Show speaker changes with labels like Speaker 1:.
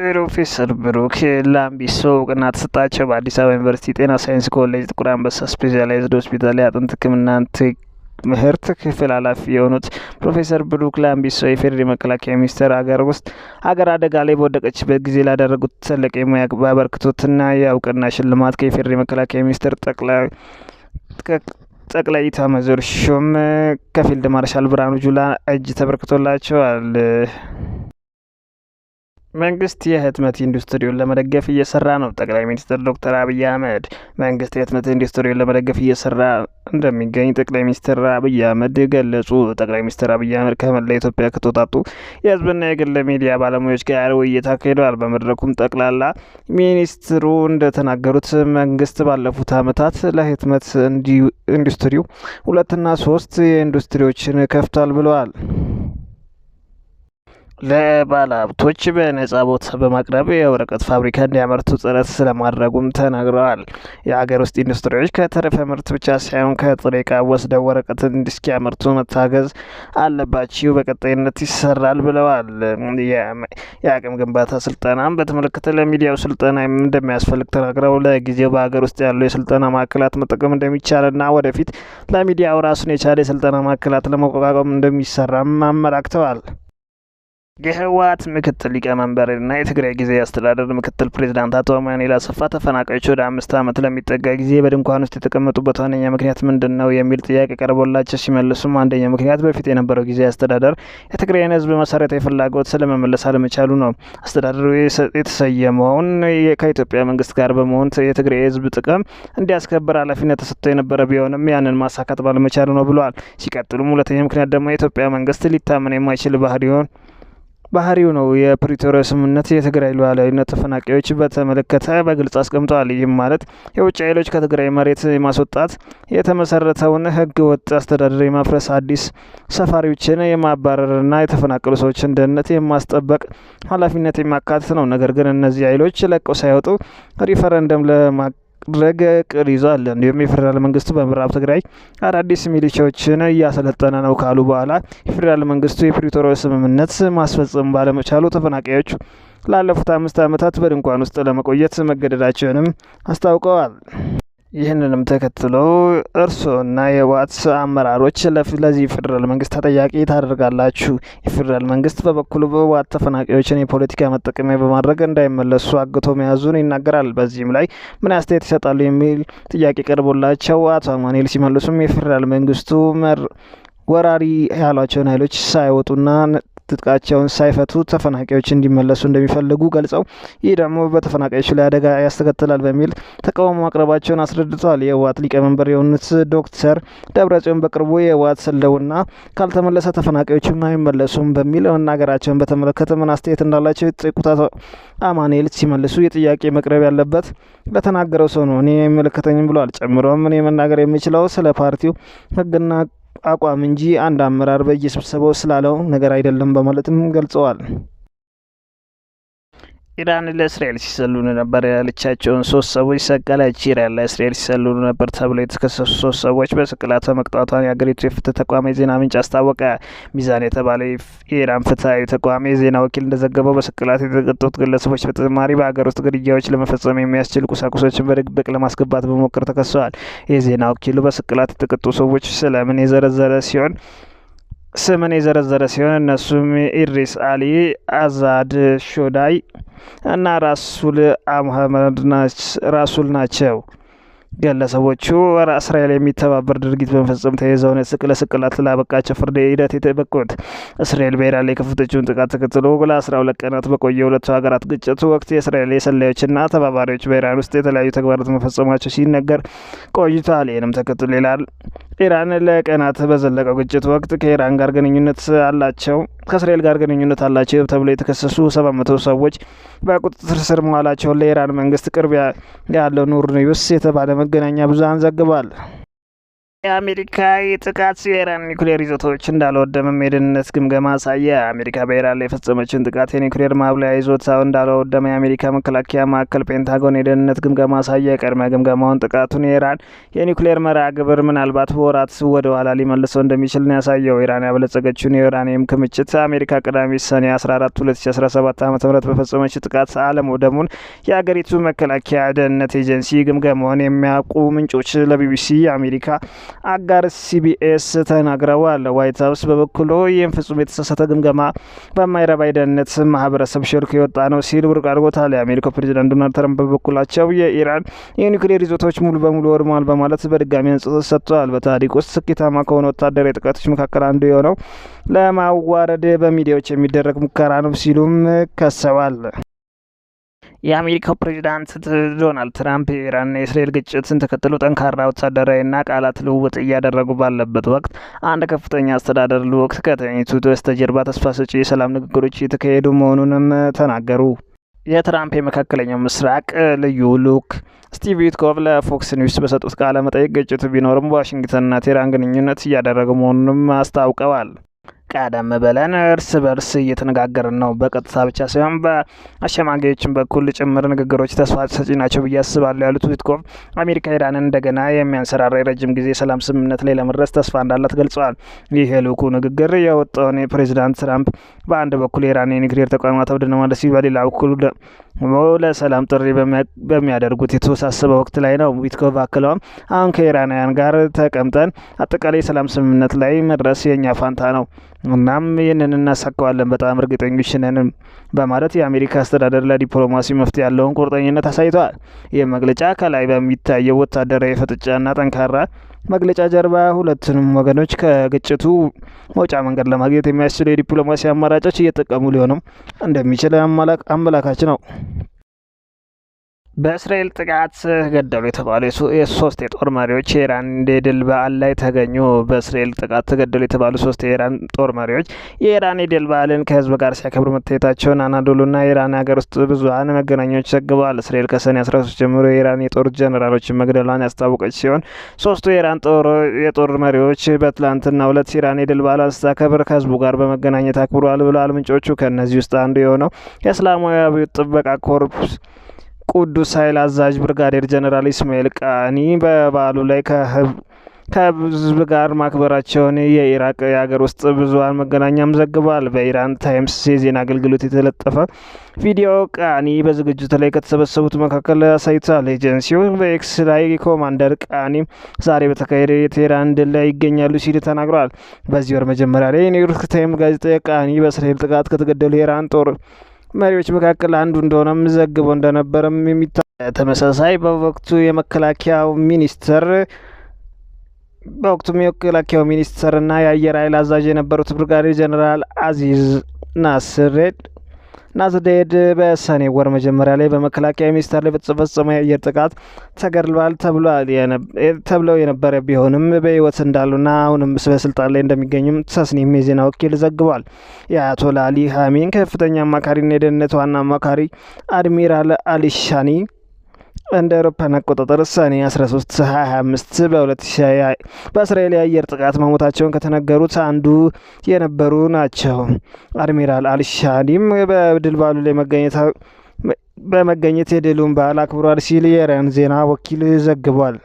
Speaker 1: ፕሮፌሰር ብሩክ ላምቢሶ እውቅና ተሰጣቸው። በአዲስ አበባ ዩኒቨርሲቲ ጤና ሳይንስ ኮሌጅ ጥቁር አንበሳ ስፔሻላይዝድ ሆስፒታል የአጥንት ሕክምና ምህርት ክፍል ኃላፊ የሆኑት ፕሮፌሰር ብሩክ ላምቢሶ የፌዴሪ መከላከያ ሚኒስቴር ሀገር ውስጥ ሀገር አደጋ ላይ በወደቀችበት ጊዜ ላደረጉት ትልቅ የሙያ አበርክቶትና የእውቅና ሽልማት ከየፌዴሪ መከላከያ ሚኒስቴር ጠቅላይ ጠቅላይ ኢታማዦር ሹም ከፊልድ ማርሻል ብርሃኑ ጁላ እጅ ተበርክቶላቸዋል። መንግስት የህትመት ኢንዱስትሪውን ለመደገፍ እየሰራ ነው። ጠቅላይ ሚኒስትር ዶክተር አብይ አህመድ መንግስት የህትመት ኢንዱስትሪውን ለመደገፍ እየሰራ እንደሚገኝ ጠቅላይ ሚኒስትር አብይ አህመድ ገለጹ። ጠቅላይ ሚኒስትር አብይ አህመድ ከመላ ኢትዮጵያ ከተውጣጡ የህዝብና የግል ሚዲያ ባለሙያዎች ጋር ውይይት አካሂደዋል። በመድረኩም ጠቅላላ ሚኒስትሩ እንደተናገሩት መንግስት ባለፉት አመታት ለህትመት ኢንዱስትሪው ሁለትና ሶስት የኢንዱስትሪዎችን ከፍቷል ብለዋል። ለባለ ሀብቶች በነጻ ቦታ በማቅረብ የወረቀት ፋብሪካ እንዲያመርቱ ጥረት ስለማድረጉም ተናግረዋል። የሀገር ውስጥ ኢንዱስትሪዎች ከተረፈ ምርት ብቻ ሳይሆን ከጥሬ ዕቃ ወስደው ወረቀትን እንዲስኪያመርቱ መታገዝ አለባቸው፣ በቀጣይነት ይሰራል ብለዋል። የአቅም ግንባታ ስልጠናም በተመለከተ ለሚዲያው ስልጠና እንደሚያስፈልግ ተናግረው ለጊዜው በሀገር ውስጥ ያሉ የስልጠና ማዕከላት መጠቀም እንደሚቻልና ወደፊት ለሚዲያው ራሱን የቻለ የስልጠና ማዕከላት ለመቋቋም እንደሚሰራም አመላክተዋል። የህወሓት ምክትል ሊቀመንበርና የትግራይ ጊዜ አስተዳደር ምክትል ፕሬዚዳንት አቶ አማኑኤል ሰፋ ተፈናቃዮች ወደ አምስት ዓመት ለሚጠጋ ጊዜ በድንኳን ውስጥ የተቀመጡበት ዋነኛ ምክንያት ምንድን ነው የሚል ጥያቄ ቀርቦላቸው ሲመልሱም አንደኛ ምክንያት በፊት የነበረው ጊዜ አስተዳደር የትግራይን ህዝብ መሰረታዊ ፍላጎት ስለመመለስ አለመቻሉ ነው። አስተዳደሩ የተሰየመውን ከኢትዮጵያ መንግስት ጋር በመሆን የትግራይ ህዝብ ጥቅም እንዲያስከብር ኃላፊነት ተሰጥቶ የነበረ ቢሆንም ያንን ማሳካት ባለመቻሉ ነው ብለዋል። ሲቀጥሉም ሁለተኛ ምክንያት ደግሞ የኢትዮጵያ መንግስት ሊታመን የማይችል ባህሪውን ባህሪው ነው። የፕሪቶሪያ ስምምነት የትግራይ ሉዓላዊነት ተፈናቃዮች በተመለከተ በግልጽ አስቀምጠዋል። ይህም ማለት የውጭ ኃይሎች ከትግራይ መሬት የማስወጣት የተመሰረተውን ሕገ ወጥ አስተዳደር የማፍረስ አዲስ ሰፋሪዎችን የማባረርና የተፈናቀሉ ሰዎችን ደህንነት የማስጠበቅ ኃላፊነት የማካተት ነው። ነገር ግን እነዚህ ኃይሎች ለቀው ሳይወጡ ሪፈረንደም ለማ ነገ ቅር ይዟል። እንዲሁም የፌዴራል መንግስቱ በምዕራብ ትግራይ አዳዲስ ሚሊሻዎችን እያሰለጠነ ነው ካሉ በኋላ የፌዴራል መንግስቱ የፕሪቶሪያ ስምምነት ማስፈጸም ባለመቻሉ ተፈናቃዮች ላለፉት አምስት ዓመታት በድንኳን ውስጥ ለመቆየት መገደዳቸውንም አስታውቀዋል። ይህንንም ተከትሎ እርስዎና የዋትስ አመራሮች ለዚህ ፌዴራል መንግስት ተጠያቂ ታደርጋላችሁ። የፌዴራል መንግስት በበኩሉ በዋት ተፈናቃዮችን የፖለቲካ መጠቀሚያ በማድረግ እንዳይመለሱ አግቶ መያዙን ይናገራል። በዚህም ላይ ምን አስተያየት ይሰጣሉ የሚል ጥያቄ ቀርቦላቸው አቶ አማኑኤል ሲመልሱም የፌዴራል መንግስቱ ወራሪ ያሏቸውን ኃይሎች ሳይወጡና ትጥቃቸውን ሳይፈቱ ተፈናቃዮች እንዲመለሱ እንደሚፈልጉ ገልጸው ይህ ደግሞ በተፈናቃዮች ላይ አደጋ ያስተከትላል በሚል ተቃውሞ ማቅረባቸውን አስረድተዋል። የህወሓት ሊቀመንበር የሆኑት ዶክተር ደብረጽዮን በቅርቡ የህወሓት ሰለውና ካልተመለሰ ተፈናቃዮችም አይመለሱም በሚል መናገራቸውን በተመለከተ ምን አስተያየት እንዳላቸው የጠየቁት አቶ አማኑኤል ሲመልሱ የጥያቄ መቅረብ ያለበት ለተናገረው ሰው ነው፣ እኔ አይመለከተኝም ብለዋል። ጨምሮም እኔ መናገር የሚችለው ስለ ፓርቲው ህግና አቋም እንጂ አንድ አመራር በየስብሰባው ስላለው ነገር አይደለም በማለትም ገልጸዋል። ኢራን ለእስራኤል ሲሰልሉ ነበር ያለቻቸውን ሶስት ሰዎች ሰቀለች። ኢራን ለእስራኤል ሲሰልሉ ነበር ተብለው የተከሰሱ ሶስት ሰዎች በስቅላት መቅጣቷን የአገሪቱ የፍትህ ተቋም የዜና ምንጭ አስታወቀ። ሚዛን የተባለ የኢራን ፍትሐዊ ተቋም የዜና ወኪል እንደዘገበው በስቅላት የተቀጡት ግለሰቦች በተጨማሪ በሀገር ውስጥ ግድያዎች ለመፈጸም የሚያስችል ቁሳቁሶችን በድብቅ ለማስገባት በሞከር ተከሰዋል። የዜና ወኪሉ በስቅላት የተቀጡ ሰዎች ስለምን የዘረዘረ ሲሆን ስምን የዘረዘረ ሲሆን እነሱም ኢድሪስ አሊ፣ አዛድ ሾዳይ እና ራሱል አምሀመድ ራሱል ናቸው። ግለሰቦቹ ወራ እስራኤል የሚተባበር ድርጊት በመፈጸም ተይዘው ስቅላት ላበቃቸው ፍርድ ሂደት የተበቁት እስራኤል በኢራን ላይ የከፈተችውን ጥቃት ተከትሎ ለ12 ቀናት በቆየ ሁለቱ ሀገራት ግጭት ወቅት የእስራኤል የሰላዮችና ተባባሪዎች በኢራን ውስጥ የተለያዩ ተግባራት መፈጸማቸው ሲነገር ቆይቷል። ይህንም ተከትሎ ይላል ኢራን ለቀናት በዘለቀው ግጭት ወቅት ከኢራን ጋር ግንኙነት አላቸው ከእስራኤል ጋር ግንኙነት አላቸው ተብሎ የተከሰሱ መቶ ሰዎች በቁጥጥር ስር መዋላቸውን ለኢራን መንግስት ቅርብ ያለው ኑር ኒውስ የተባለ መገናኛ ብዙሃን ዘግቧል። የአሜሪካ የጥቃት የኢራን ኒኩሌር ይዞታዎች እንዳልወደመም የደህንነት ግምገማ አሳየ። አሜሪካ በኢራን ላይ የፈጸመችን ጥቃት የኒኩሌር ማብለያ ይዞታው እንዳልወደመ የአሜሪካ መከላከያ ማዕከል ፔንታጎን የደህንነት ግምገማ አሳየ። ቅድመ ግምገማውን ጥቃቱን የኢራን የኒውክሌር መርሃ ግብር ምናልባት በወራት ወደ ኋላ ሊመልሰው እንደሚችል ነው ያሳየው። ኢራን ያበለጸገችውን የዩራኒየም ክምችት አሜሪካ ቅዳሜ ሰኔ 14 2017 ዓ ም በፈጸመችው ጥቃት አለመውደሙን የአገሪቱ መከላከያ ደህንነት ኤጀንሲ ግምገማውን የሚያውቁ ምንጮች ለቢቢሲ አሜሪካ አጋር ሲቢኤስ ተናግረዋል። ዋይት ሀውስ በበኩሉ ይህም ፍጹም የተሳሳተ ግምገማ በማይረባ የደህንነት ማህበረሰብ ሸርኮ የወጣ ነው ሲል ውድቅ አድርጎታል። የአሜሪካው ፕሬዚዳንት ዶናልድ ትራምፕ በበኩላቸው የኢራን የኒውክሌር ይዞታዎች ሙሉ በሙሉ ወድመዋል በማለት በድጋሚ አንጽተው ሰጥቷል። በታሪክ ውስጥ ስኬታማ ከሆኑ ወታደራዊ ጥቃቶች መካከል አንዱ የሆነው ለማዋረድ በሚዲያዎች የሚደረግ ሙከራ ነው ሲሉም ከሰዋል። የአሜሪካው ፕሬዚዳንት ዶናልድ ትራምፕ የኢራንና የእስራኤል ግጭትን ተከትሎ ጠንካራ ወታደራዊና ቃላት ልውውጥ እያደረጉ ባለበት ወቅት አንድ ከፍተኛ አስተዳደር ልወቅት ከተኝቱ በስተጀርባ ተስፋ ሰጪ የሰላም ንግግሮች እየተካሄዱ መሆኑንም ተናገሩ። የትራምፕ የመካከለኛው ምስራቅ ልዩ ልኡክ ስቲቭ ዊትኮቭ ለፎክስ ኒውስ በሰጡት ቃለ መጠይቅ ግጭቱ ቢኖርም ዋሽንግተንና ቴህራን ግንኙነት እያደረጉ መሆኑንም አስታውቀዋል። ቀደም ብለን እርስ በርስ እየተነጋገርን ነው። በቀጥታ ብቻ ሳይሆን በአሸማጋዮችን በኩል ጭምር ንግግሮች ተስፋ ሰጪ ናቸው ብዬ አስባለሁ ያሉት ዊትኮቭ አሜሪካ ኢራንን እንደገና የሚያንሰራራ የረጅም ጊዜ ሰላም ስምምነት ላይ ለመድረስ ተስፋ እንዳላት ገልጸዋል። ይህ የልዑኩ ንግግር የወጣውን የፕሬዚዳንት ትራምፕ በአንድ በኩል የኢራን የኒክሌር ተቋማት አብድነ ማለት ሲል በሌላ በኩል ደግሞ ለሰላም ጥሪ በሚያደርጉት የተወሳሰበ ወቅት ላይ ነው። ዊትኮቭ አክለውም አሁን ከኢራናውያን ጋር ተቀምጠን አጠቃላይ የሰላም ስምምነት ላይ መድረስ የእኛ ፋንታ ነው እናም ይህንን እናሳካዋለን በጣም እርግጠኞች ነን በማለት የአሜሪካ አስተዳደር ለዲፕሎማሲ መፍትሄ ያለውን ቁርጠኝነት አሳይተዋል። ይህ መግለጫ ከላይ በሚታየው ወታደራዊ ፍጥጫና ጠንካራ መግለጫ ጀርባ ሁለቱንም ወገኖች ከግጭቱ መውጫ መንገድ ለማግኘት የሚያስችሉ የዲፕሎማሲ አማራጮች እየጠቀሙ ሊሆንም እንደሚችል አመላካች ነው። በእስራኤል ጥቃት ገደሉ የተባሉ የሶስት የጦር መሪዎች የኢራን የድል በዓል ላይ ተገኙ። በእስራኤል ጥቃት ተገደሉ የተባሉ ሶስት የኢራን ጦር መሪዎች የኢራን የድል በዓልን ከህዝብ ጋር ሲያከብሩ መታየታቸውን አናዶሉና የኢራን ሀገር ውስጥ ብዙሀን መገናኛዎች ዘግበዋል። እስራኤል ከሰኔ 13 ጀምሮ የኢራን የጦር ጀኔራሎችን መግደሏን ያስታወቀች ሲሆን ሶስቱ የኢራን የጦር መሪዎች በትላንትና ሁለት ኢራን የድል በዓል ስታከብር ከህዝቡ ጋር በመገናኘት አክብረዋል ብለዋል ምንጮቹ። ከእነዚህ ውስጥ አንዱ የሆነው የእስላማዊ አብዮት ጥበቃ ኮርፕስ ቅዱስ ኃይል አዛዥ ብርጋዴር ጀነራል ኢስማኤል ቃኒ በበዓሉ ላይ ከህዝብ ጋር ማክበራቸውን የኢራቅ የሀገር ውስጥ ብዙሀን መገናኛም ዘግቧል። በኢራን ታይምስ የዜና አገልግሎት የተለጠፈ ቪዲዮ ቃኒ በዝግጅቱ ላይ ከተሰበሰቡት መካከል አሳይቷል። ኤጀንሲው በኤክስ ላይ ኮማንደር ቃኒ ዛሬ በተካሄደ የቴህራን ድል ላይ ይገኛሉ ሲል ተናግሯል። በዚህ ወር መጀመሪያ ላይ ኒውዮርክ ታይም ጋዜጣ ቃኒ በእስራኤል ጥቃት ከተገደሉ የኢራን ጦር መሪዎች መካከል አንዱ እንደሆነ ዘግቦ እንደነበረም የሚታ ተመሳሳይ በወቅቱ የመከላከያው ሚኒስትር በወቅቱም የመከላከያው ሚኒስትርና የአየር ኃይል አዛዥ የነበሩት ብርጋዴር ጀኔራል አዚዝ ናስሬድ ናዝዴድ በሰኔ ወር መጀመሪያ ላይ በመከላከያ ሚኒስቴር ላይ በተፈጸመ የአየር ጥቃት ተገድሏል ተብለው የነበረ ቢሆንም በህይወት እንዳሉና አሁንም በስልጣን ላይ እንደሚገኙም ተስኒም የዜና ወኪል ዘግቧል። የአያቶላ አሊ ሀሚን ከፍተኛ አማካሪና የደህንነት ዋና አማካሪ አድሚራል አሊሻኒ እንደ አውሮፓን አቆጣጠር ሰኔ 13 25 በ2020 በእስራኤል የአየር ጥቃት መሞታቸውን ከተነገሩት አንዱ የነበሩ ናቸው። አድሚራል አልሻዲም በድል በዓሉ ላይ በመገኘት የድሉን በዓል አክብሯል ሲል የኢራን ዜና ወኪል ዘግቧል።